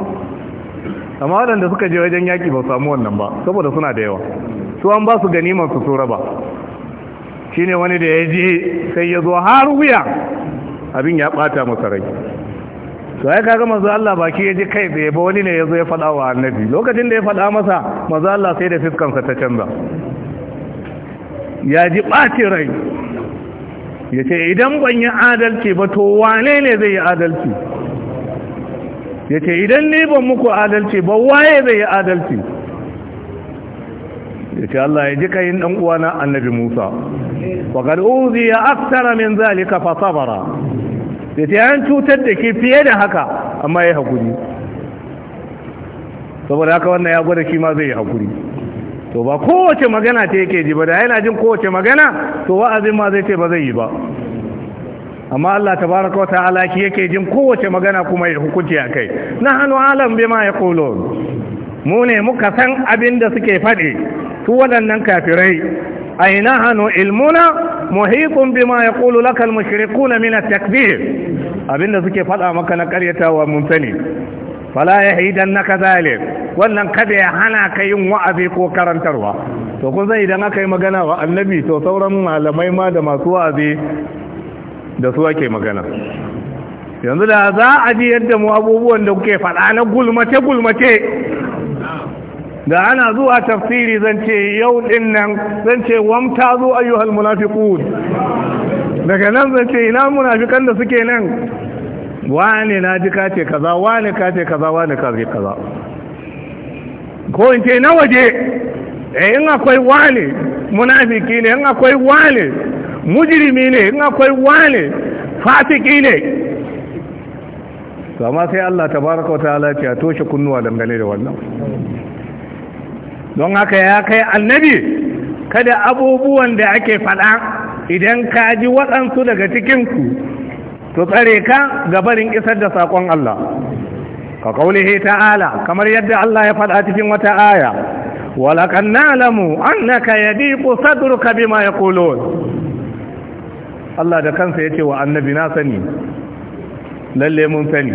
Speaker 1: amma waɗanda suka je wajen yaki ba samu wannan ba saboda suna da yawa su an ba su ganiman su raba shine wani da ya je sai ya zo har wuya abin ya ɓata masa rai to ai kaga manzo Allah baki ya ji kai tsaye ba wani ne yazo ya faɗa wa annabi lokacin da ya faɗa masa manzo Allah sai da fiskansa ta canza ya ji ɓaci rai ya ce idan ban yi adalci ba to wane ne zai yi adalci ya ce idan ni ban muku adalci ba waye zai yi adalci ya ce Allah ya ji kayin ɗan uwana annabi Musa wa qad uziya aktsara min zalika fa sabara Da ta yi cutar da ke fiye da haka amma ya yi haƙuri saboda haka wannan ya gwada shi ma zai yi haƙuri to ba kowace magana ta yake ji ba da yana jin kowace magana to wa'azin ma zai ce ba zai yi ba amma Allah tabaraka baraka wata alaki yake jin kowace magana kuma ya hukunci a kai na hannu alam ma ya mu ne muka san abin da suke faɗi su waɗannan kafirai aina hannu ilmuna muhiqun bima yaqulu laka al-mushrikuuna min at-takbir abinda suke faɗa maka na karyatawa mun sani fala yahdannaka zalik wannan kada ya hana ka yin wa'azi ko karantarwa to kun san idan aka yi magana wa annabi to sauran malamai ma da masu wa'azi da su ake magana yanzu da za a ji yadda mu abubuwan da kuke faɗa na gulmace gulmace da ana zuwa tafsiri zan ce yau din nan zan ce wamta zo ayyuhal munafiqun daga nan zan ce ina munafikan da suke nan wane na ji kace kaza wane kace kaza wane kace kaza ko in ce na waje eh in akwai wane munafiki ne in akwai wane mujrimi ne in akwai wane fasiki ne to amma sai Allah tabaraka wa ta'ala ya toshe kunnuwa dangane da wannan don haka ya kai annabi kada abubuwan da ake faɗa idan ka ji waɗansu daga cikinku su tsare ka gabarin isar da saƙon Allah ka kaulihi ta'ala kamar yadda Allah ya faɗa cikin wata aya walakan na'lamu annaka yadiqu sadruka bima yaqulun Allah da kansa yace wa annabi na sani lalle mun sani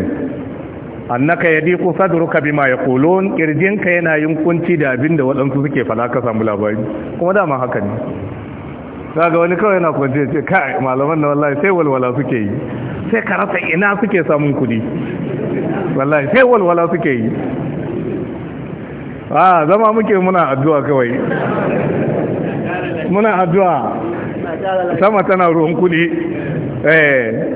Speaker 1: annaka yadiqu sadruka bima yaqulun kirjinka yana yin kunci da abinda waɗansu suke fada ka samu labari kuma dama haka ne ga wani kawai yana kwanci ya ce kai malaman na wallahi sai walwala suke yi sai ka rasa ina suke samun kudi wallahi sai walwala suke yi a zama muke muna addu'a kawai
Speaker 2: muna addu'a sama tana ruwan kudi
Speaker 1: eh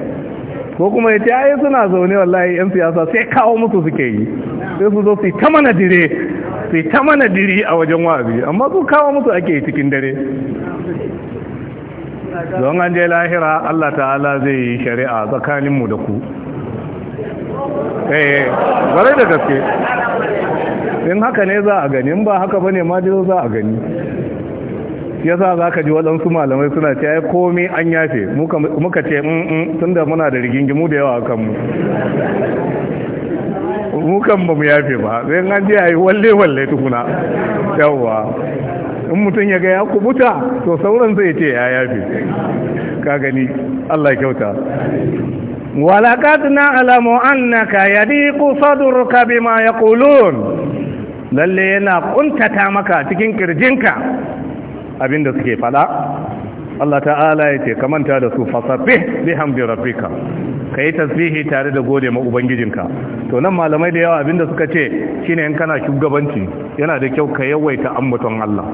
Speaker 1: ko kuma ya ce suna zaune wallahi yan siyasa sai kawo musu suke yi sai su zo su ta mana dire su ta mana diri a wajen wa'azi amma su kawo musu ake yi cikin dare don an je lahira Allah ta'ala zai yi shari'a tsakaninmu da ku eh barai da gaske in haka ne za a gani in ba haka bane ma dai za a gani ya sa za ka ji waɗansu malamai suna ce ya komi an yafe muka ce mm, mm, tun da muna da rigingi, mu da yawa kanmu mukan ba mu yafe ba zai an ji a yi walle-walle tukuna yawwa in mutum ya ga ya kubuta to sauran zai ce ya yafe ka gani allah kyauta walakat na alamu annaka yadiku sadurka bima kulun? lalle yana kuntata maka cikin kirjinka abinda suke fada Allah ta'ala ya ce ka manta da su fasabih bihamdi rabbika kai tasbihi tare da gode ma ubangijinka to nan malamai da yawa abinda suka ce shine in kana shugabanci yana da kyau ka yawaita ambaton Allah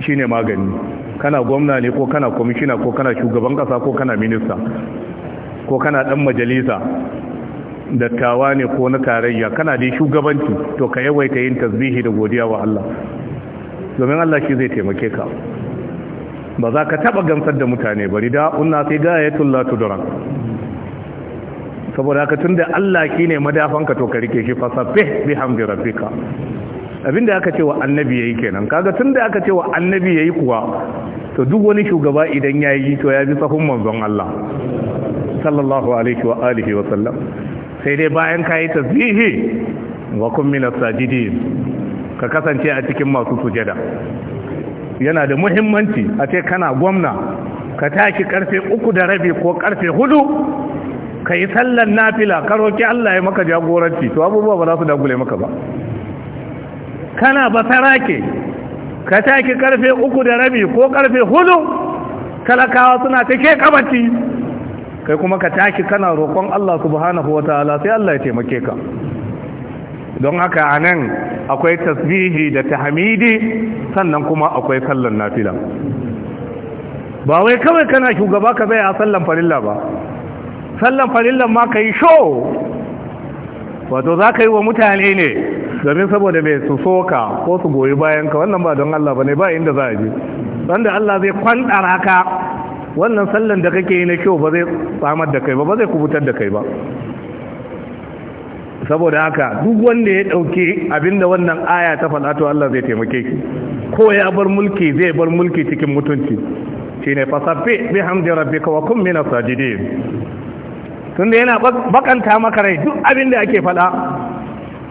Speaker 1: shine magani kana gwamna ne ko kana kwamishina ko kana shugaban kasa ko kana minista ko kana dan majalisa dattawa ne ko na tarayya kana da shugabanci to ka yawaita yin tasbihi da godiya wa Allah domin Allah shi zai taimake ka ba za ka taba gamsar da mutane bari da unna sai ga ya tulla tudura saboda haka tunda Allah shine madafanka to ka rike shi fasabih bihamdi rabbika abinda aka cewa annabi yayi kenan kaga tunda aka cewa annabi yayi kuwa to duk wani shugaba idan yayi to ya bi sahun manzon Allah sallallahu alaihi wa alihi wa sallam sai dai bayan kai tasbihi wa min as sajidin ka kasance a cikin masu sujada yana da muhimmanci a ce kana gwamna ka tashi karfe uku da rabi ko karfe hudu ka yi sallan nafila ka roƙi Allah ya maka jagoranci to abubuwa ba za su dagule maka ba kana ba ka tashi karfe uku da rabi ko karfe hudu talakawa suna ta ke kai kuma ka tashi kana roƙon Allah subhanahu ta'ala sai Allah ya taimake ka don haka anan akwai tasbihi da tahmidi sannan kuma akwai sallan nafila ba wai kawai kana shugaba ka zai a sallan farilla ba sallan farillan ma ka yi sho wato za ka yi wa mutane ne domin saboda mai su soka ko su goyi bayanka wannan ba don Allah ba ne ba inda za a je wanda Allah zai kwantara ka wannan sallan da kake yi na kyau ba zai tsamar da kai ba ba zai kubutar da kai ba saboda haka duk wanda ya dauke abinda wannan aya ta faɗa to Allah zai taimake ki ko ya bar mulki zai bar mulki cikin mutunci shine fasabbi bihamdi rabbika wa kun minas sajidin tunda yana bakanta maka rai duk abinda ake faɗa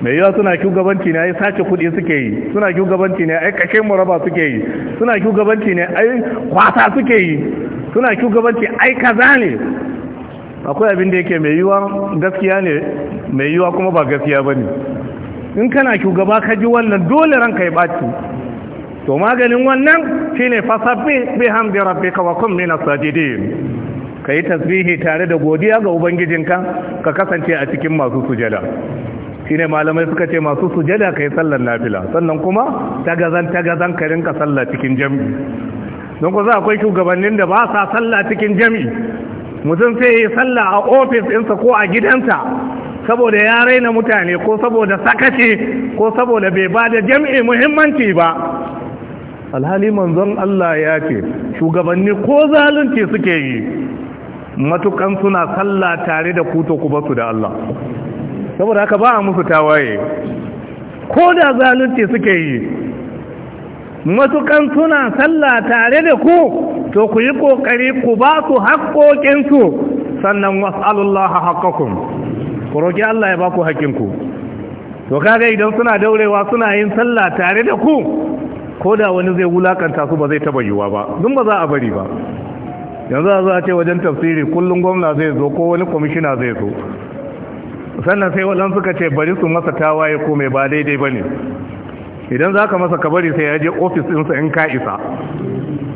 Speaker 1: mai yawa suna shugabanci ne ai sace kudi suke yi suna shugabanci ne ai kashe muraba suke yi suna shugabanci ne ai kwasa suke yi suna shugabanci ai kaza ne akwai abin da yake mai yiwa gaskiya ne mai yiwa kuma ba gaskiya ba ne in kana shugaba ka ji wannan dole ranka ya ɓaci to maganin wannan shine fasafi bi hamdi rabbi ka wakon mina sajidin ka yi tasbihi tare da godiya ga ubangijinka ka kasance a cikin masu sujada shine malamai suka ce masu sujada ka yi sallar nafila sannan kuma tagazan tagazan ka rinka sallar cikin jami'i don ku za akwai shugabannin da ba sa sallah cikin jami'i mutum sai ya yi sallah a ofis ɗinsa ko a gidansa saboda ya raina mutane ko saboda sakaci ko saboda bai ba da jam'i muhimmanci ba alhali manzon Allah ya ce shugabanni ko zalunci suke yi matukan suna sallah tare da kuto ku basu da Allah saboda haka ba a musu tawaye ko da zalunci suke yi matukan suna sallah tare da ku to ku yi kokari ku ba su haƙoƙinsu sannan was'alullaha haqqakum ku roki Allah ya ba ku haƙinku to kaga idan suna daurewa suna yin sallah tare da ku ko da wani zai wulakanta su ba zai taba yiwa ba dun ba za a bari ba yanzu za ce wajen tafsiri kullum gwamna zai zo ko wani kwamishina zai zo sannan sai waɗansu suka ce bari su masa tawaye ko mai ba daidai ba ne idan za ka masa kabari sai ya je ofis ɗinsa in ka isa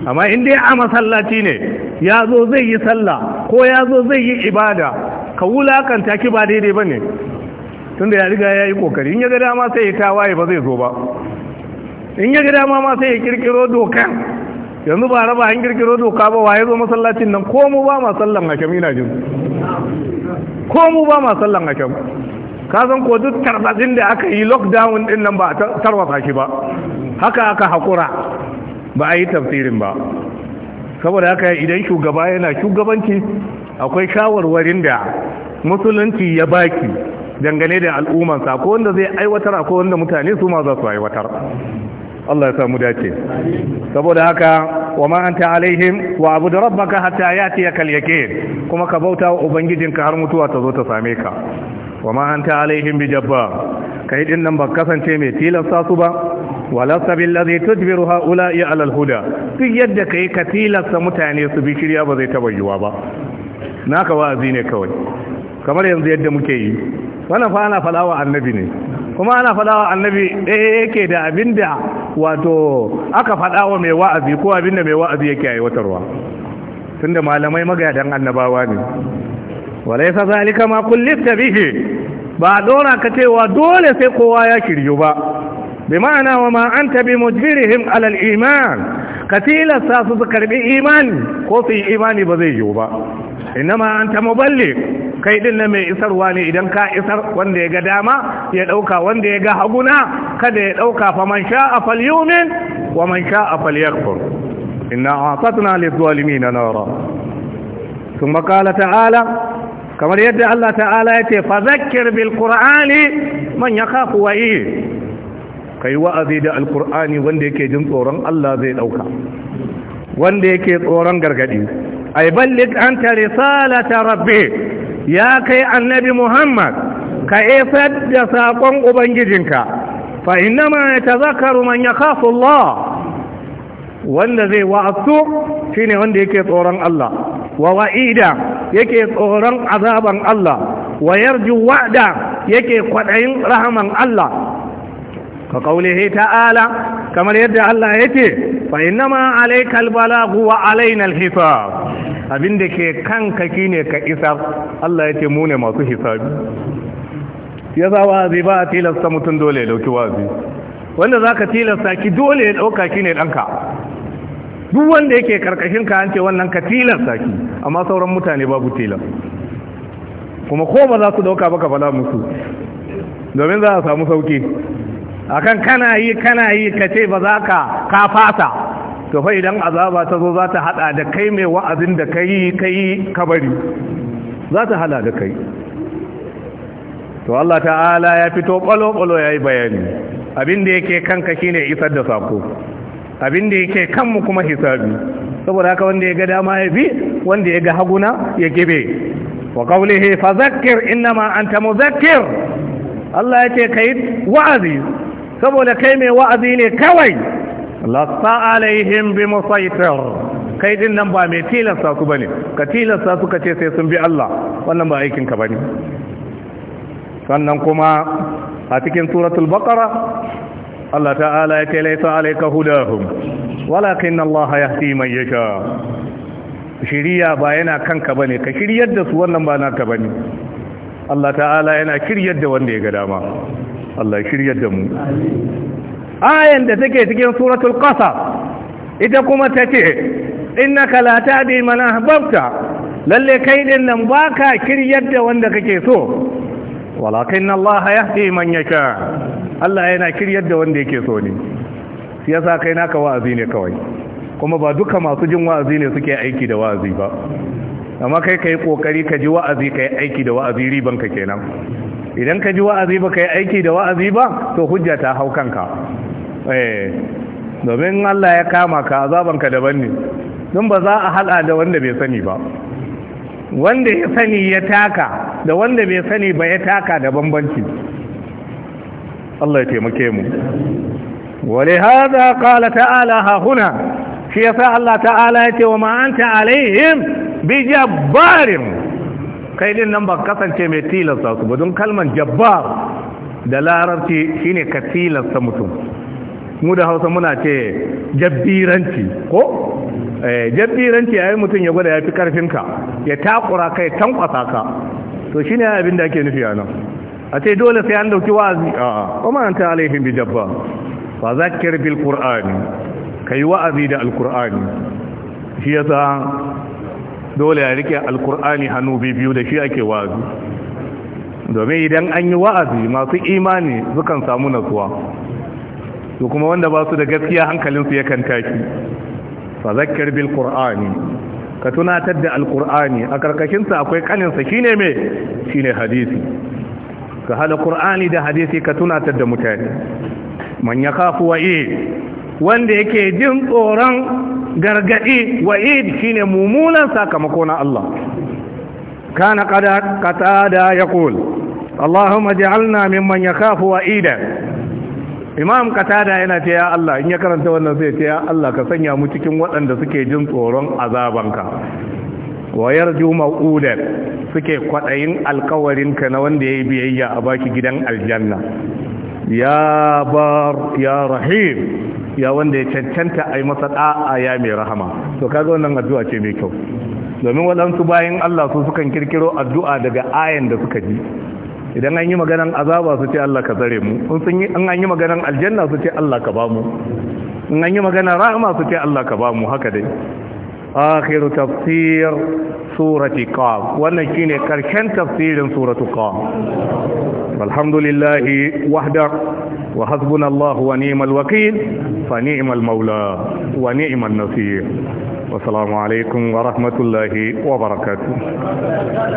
Speaker 1: amma in dai a masallaci ne ya zo zai yi sallah ko ya zo zai yi ibada ka wulakanta ki ba daidai ba ne tunda ya riga ya yi kokari in ya ga dama sai ya tawaye ba zai zo ba in ya ga dama ma sai ya kirkiro doka yanzu ba raba an kirkiro doka ba wa ya zo masallacin nan ko mu ba ma sallan hakam ina jin ko mu ba ma sallan hakam ka zan ko duk tarbatsin da aka yi lockdown din nan ba a tarwasa shi ba haka aka haƙura ba a yi tafsirin ba saboda haka idan shugaba yana shugabanci akwai shawarwarin da musulunci ya baki dangane da al'ummansa ko wanda zai aiwatar ko wanda mutane su ma za su aiwatar Allah ya samu dace saboda haka wa ma anta alaihim wa abud rabbaka hatta yatiyakal yaqin kuma ka bauta wa ubangijinka har mutuwa ta zo ta same ka wa ma anta alaihim jabba kai din nan ba kasance mai tilasta su ba wala sabil ladhi tudbiru haula'i ala alhuda duk yadda kai ka tilasta mutane su bi shirya ba zai tabayyuwa ba naka wa'azi ne kawai kamar yanzu yadda muke yi wala fa ana falawa annabi ne kuma ana falawa annabi eh yake da abinda wato aka fadawa mai wa'azi ko abinda mai wa'azi yake aiwatarwa tunda malamai magadan annabawa ne وليس ذلك ما كلفت به ba dora ka cewa dole sai kowa ya kiryu ba bi ma'ana wa ma anta bi mujbirihim alal iman ka tilasta su su karbi imani ko su yi imani ba zai yiwu ba innama anta muballi kai din na mai isarwa ne idan ka isar wanda ya ga dama ya dauka wanda ya ga haguna kada ya dauka fa man sha'a falyumin wa man sha'a falyakfur inna a'tatna lidh-dhalimin nara ثم قال تعالى kamar yadda Allah ta'ala ya ce fadhakkir bil qur'ani man yakhafu wa'i kai wa'azi da Alkur'ani wanda yake jin tsoron Allah zai dauka wanda yake tsoron gargadi ay ballig anta risalata rabbi ya kai annabi Muhammad ka isar da sakon ubangijinka fa innama yatazakkaru man yakhafu Allah wanda zai wa'azu shine wanda yake tsoron Allah wa wa'ida yake tsoron azaban Allah wa yarju wa'da yake kwadayin rahaman Allah ka kaulihi ta'ala kamar yadda Allah yake fa innama alaykal balagu wa alaina alhisab abinda ke kanka kine ka isar Allah yake mu ne masu hisabi yasa wazi ba tilasta mutun dole ya dauki wazi wanda zaka tilasta ki dole ya dauka kine danka duk wanda yake karkashin ka an ce wannan ka tilasta amma sauran mutane babu tilas kuma ko ba za su dauka baka fala musu domin za a samu sauki akan kana yi kana yi ka ce ba za ka ka fata to fa idan azaba ta zo za ta hada da kai mai wa'azin da kai kai kabari za ta hada da kai to Allah ta'ala ya fito kwalo-kwalo ya yi bayani abin da yake kanka shine isar da sako abin da yake kanmu kuma hisabi saboda haka wanda ya ga dama ya bi wanda ya ga haguna ya gibe wa qawlihi fadhakkir innama anta mudhakkir Allah ya ce kai wa'azi saboda kai mai wa'azi ne kawai lasta alaihim bi musaitir kai din nan ba mai tilasta su bane ka tilasta su ka ce sai sun bi Allah wannan ba aikin ka bane sannan kuma a cikin suratul baqara Allah ta'ala ya ce laisa alayka hudahum walakin Allah yahdi man yasha shiriya ba yana kanka bane ka shiryar da su wannan ba naka bane Allah ta'ala yana shiryar da wanda ya ga dama Allah shiryar da mu ayan da take cikin suratul qasas ita kuma tace innaka la tahdi man ahbabta lalle kai din nan baka shiryar da wanda kake so walakin Allah yahdi man yasha Allah yana kiryar da wanda yake so ne siyasa kai naka wa'azi ne kawai kuma ba duka masu jin wa'azi ne suke aiki da wa'azi ba amma kai kai kokari ka ji wa'azi kai aiki da wa'azi riban ka kenan idan ka ji wa'azi ba kai aiki da wa'azi ba to hujja ta hau kanka eh domin Allah ya kama ka azaban ka daban ne don ba za a hada da wanda bai sani ba wanda ya sani ya taka da wanda bai sani ba ya taka da bambanci Allah ya taimake mu wale hada qala ta'ala ha huna shi yasa Allah ta'ala ya ce wa ma anta alaihim bi jabbarin kai din nan ba kasance mai tilasta su ba don kalman jabbar da larabci shine ka tilasta mutum mu da hausa muna ce jabbiranci ko eh, jabbiranci ayi mutum ya gwada ya fi ka ya takura kai tankwasa ka to shine abin da ake nufi a nan a ce dole sai an dauki wa'azi a'a kuma an ta alaihim bi jabba fa zakkir bil qur'ani kai wa'azi da alqur'ani shi yasa dole a rike alqur'ani hannu biyu da shi ake wa'azi domin idan an yi wa'azi masu imani sukan samu nasuwa To kuma wanda ba su da gaskiya hankalin su yakan taki fa zakkir bil qur'ani ka tunatar da alqur'ani a karkashinsa akwai kaninsa shine me shine hadisi ka hada qur'ani da hadisi ka tunatar da mutane man kafu wa'id wanda yake jin tsoron gargadi wa'id shine mummunan sakamako na Allah kana qada qatada yaqul allahumma ij'alna mimman yakhafu wa'ida imam katada yana ce ya Allah in ya karanta wannan zai ce ya Allah ka sanya mu cikin waɗanda suke jin tsoron azabanka wa yarju ma'udan suke kwadayin alkawarin ka na wanda yayi biyayya a baki gidan aljanna ya bar ya rahim ya wanda ya cancanta ai masa ɗa'a ya mai rahama to kaga wannan addu'a ce mai kyau domin waɗansu bayan Allah su sukan kirkiro addu'a daga ayan da suka ji idan an yi maganan azaba su ce Allah ka zare mu in an yi maganan aljanna su ce Allah ka ba mu in an yi maganan rahama su ce Allah ka ba mu haka dai akhiru tafsir surati qaf wannan shine karshen tafsirin suratu qaf alhamdulillah wahda wa hasbunallahu wa ni'mal wakeel fa ni'mal maula wa ni'man nasir wa assalamu alaikum wa rahmatullahi wa barakatuh